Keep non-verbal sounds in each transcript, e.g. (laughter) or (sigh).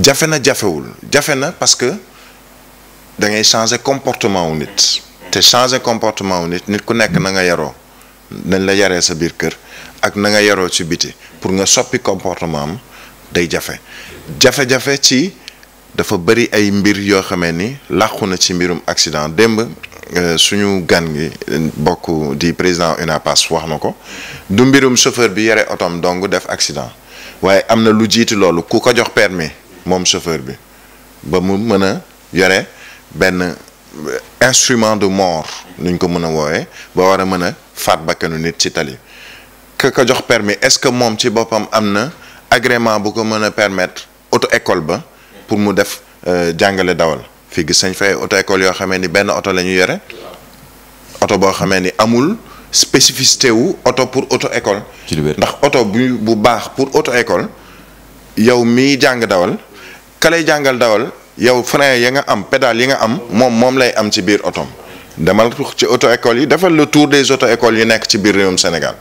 jafe na jafewul jafe na parce que da ngay changer comportement wu nit te changer comportement wu nit nit ku nekk na nga yaroo dañ la yare sa biir kër ak na nga yaroo ci biti pour nga soppi comportement am day jafe jafe-jafe ci dafa bëri ay mbir yoo xamee ni làqu na ci mbirum accident démb euh, suñu gan ngi euh, bokk di président UNAPAS wax na ko du mbirum chauffeur bi yore otom dong def accident waaye am na lu jiitu loolu ku ko jox permis moom chauffeur bi ba mu mën a yore benn instrument de mort nuñ ko mën a woowee ba war a mën a faat bakkanu nit ci tali ka ko jox permis est-ce que moom ci boppam am na agrément bu ko mën a permettre auto école ba pour mu def euh, jàngale dawal fii gis nañ fay auto école yoo xamee ni benn oto la ñu yore oto boo xamee ni amul spécificité wu oto pour auto école ndax oto bu bu baax pour auto école yow miy jàng dawal ka jàngal dawal yow frein ya nga am pédale yi nga am moom moom lay am ci biir otom demal ci auto école yi defal le tour des auto écoles yi nekk ci biir réewum Sénégal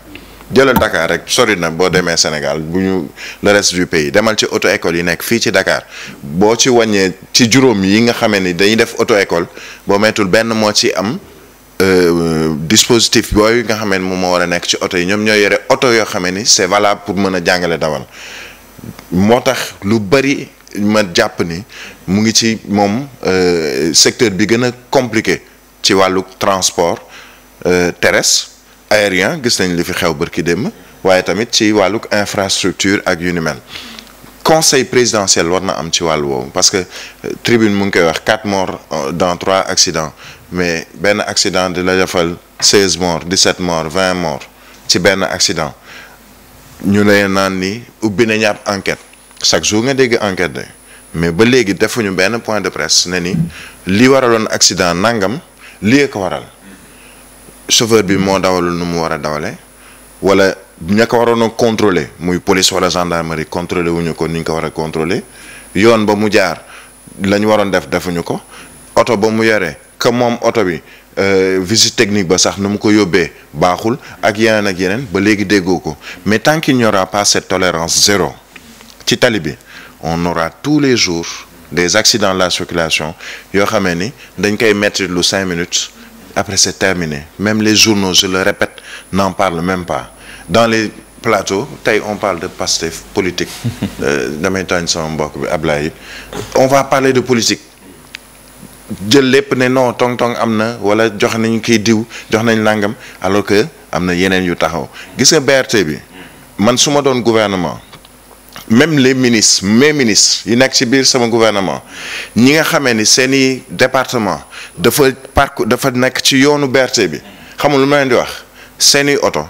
jëlal Dakar rek sori na boo demee Sénégal bu ñu le reste du pays demal ci auto école yi nekk fii ci Dakar boo ci wàññee ci juróom yi nga xame ni dañuy def auto école boo meetul benn moo ci am euh, dispositif yooyu nga xamee ni moom moo war a nekk ci oto yi ñoom ñoo yore oto yoo xamee ni c'est valable pour mën a jàngale dawal moo tax lu bari ma jàpp ni mu ngi ci moom euh, secteur bi gën a compliqué ci wàllu transport euh, terrestre aérien gis nañ li fi xew bërki démb waaye tamit ci wàllu infrastructure ak yu ni mel conseil présidentiel war na am ci wàllu woowu parce que euh, tribune mu ngi koy wax quatre morts dans trois accidents mais benn accident dina la defal seize morts dix-sept vingt morts ci benn accident ñu lay naan ni ubbi nañu ab enquête chaque jour nga dégg enquête de mais ba léegi defuñu benn point de presse ne ni li waraloon accident nangam li ko waral chauffeur bi moo dawalul nu mu war a dawale wala ña ko waroon a contrôler muy police wala gendarmerie contrôler wuñu ko ni ñu ko war a contrôler yoon ba mu jaar lañu waroon def defuñu ko oto ba mu yore que moom oto bi euh, visite technique ba sax nu mu ko yóbbee baaxul ak yeneen ak yeneen ba léegi déggoo ko mais tant qu'il n'y aura pas cette ci tali bi on aura tous les jours des accidents de la circulation yoo xamee ni dañ koy mettre lu cinq minutes après c'est terminé même les journaux je le répète n'en parlent même pas dans les plateaux tey on parle de Pastef politique (laughs) euh, damay tooñ sama mbokk bi Ablaye on va parler de politique jël lépp ne non tong tong am na wala jox nañ kii diw jox nañ langam alors que am na yeneen yu taxaw gis nga BRT bi man su ma doon gouvernement même les ministre mes ministres yi nekk ci biir sama gouvernement ñi nga xamee ni seen i département dafa parc dafa nekk ci yoonu BRT bi xamul lu ma leen di wax seeni oto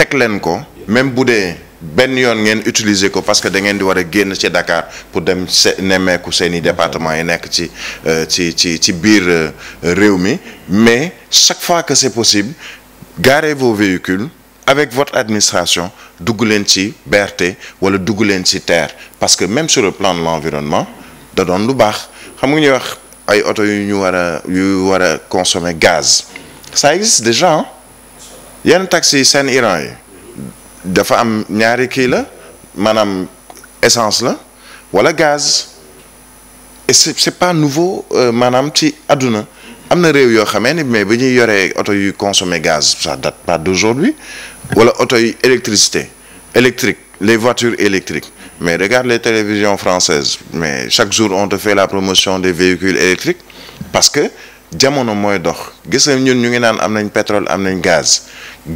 teg leen ko même bu dee benn yoon ngeen utiliser ko parce que da ngeen di war a génn ci Dakar pour dem se nemmeeku seen i département yi nekk ci euh, ci ci ci biir euh, réew mi mais chaque fois que c'est possible garez vos avec votre administration dugg leen ci BRT wala dugg leen ci terre parce que même sur le plan de l'environnement da doon lu baax xam nga ñuy wax ay oto yu ñu war a yu war a consommer gaz ça existe déjà yenn taxi yi seen Iran yi dafa am ñaari kii la maanaam essence la wala gaz et c'est, c'est pas nouveau euh, maanaam ci àdduna am na réew yoo xamee ni mais ba ñuy yoree oto yu consommé gaz ca date pas d'aujourd'hui wala auto yu électricité électrique les voitures électriques mais regarde les télévisions françaises mais chaque jour on te fait la promotion des véhicules électriques parce que jamono mooy dox gis nga ñun ñu ngi naan am nañ pétrole am nañ gaz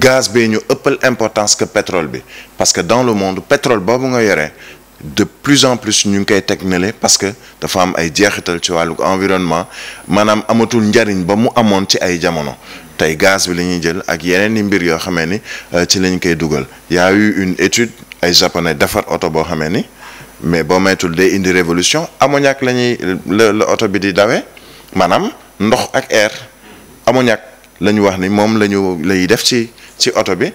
gaz bee ñu ëppal importance que pétrole bi parce que dans le monde pétrole boobu nga yoree de plus en plus ñu ngi koy teg nele parce que dafa am ay jeexital ci wàllu environnement maanaam amatul njariñ ba mu amoon ci ay jamono tey gaz bi la ñuy jël ak yeneen i mbir yoo xamee ni euh, ci lañ koy dugal y eu une étude ay japonais defar oto boo xamee ni mais boo maytul day indi révolution ammoniac la ñuy la la bi di dawee maanaam ndox ak air ammoniac la ñu wax ni moom la ñu lay def ci ci oto bi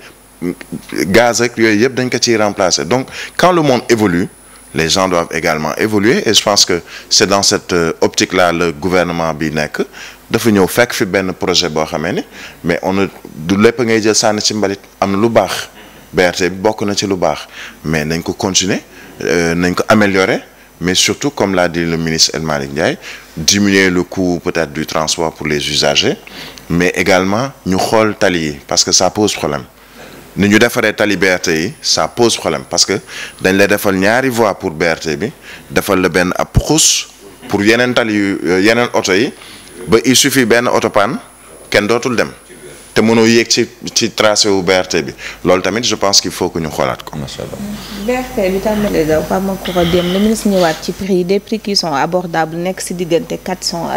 gaz ak yooyu yëpp dañ ko ciy remplacer donc quand le monde évolue les gens doivent également évoluer et je pense que c'est dans cette euh, optique-là le gouvernement bi nekk dafa ñëw fekk fi benn projet boo xamee ni mais on ne du lépp ngay jël sànni ci mbalit am na lu baax BRT bi bokk na ci lu baax mais nañ ko continuer euh, nañ ko améliorer mais surtout comme l'a dit le ministre El Malick Ndiaye diminuer le coût peut-être du transport pour les usagers mais également ñu xool tali yi parce que ça pose problème ni ñu defaree tali BRT yi ça pose problème parce que dañ lay defal ñaari voie pour BRT bi defal la benn ab xus pour yeneen tali yu euh, yeneen oto yi ba il suffit benn oto panne kenn dootul dem te mënoo yéeg ci ci tracé wu BRT bi loolu tamit je pense qu'il faut que ñu xoolaat ko. macha bi tàmbalee daw Pape Makoura Diène le ministre ñëwaat ci prix des prix qui sont abordables nekk si diggante 400.